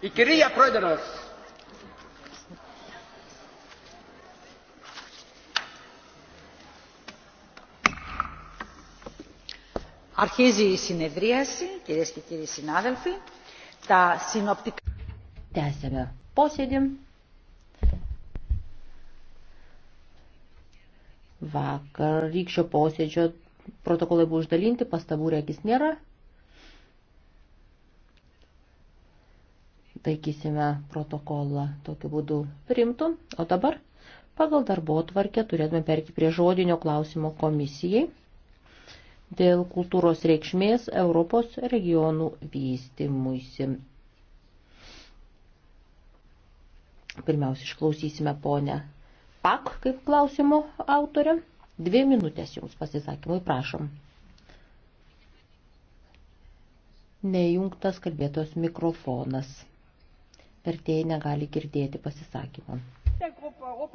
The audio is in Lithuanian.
Η κυρία Πρόεδρος. Αρχίζει η συνεδρίαση, κυρίες και κύριοι συνάδελφοι. Τα συνοπτικά... Tęsėme posėdį. Vakar rykščio posėdžio protokolai buvo uždalinti, pastabų reikis nėra. laikysime protokolą tokiu būdu primtų. O dabar pagal darbo tvarkę turėtume perti prie žodinio klausimo komisijai dėl kultūros reikšmės Europos regionų vystimuisi. Pirmiausia, išklausysime ponę Pak kaip klausimo autorę. Dvi minutės jums pasisakymui prašom. Nejungtas kalbėtos mikrofonas vertėjai negali girdėti pasisakymų.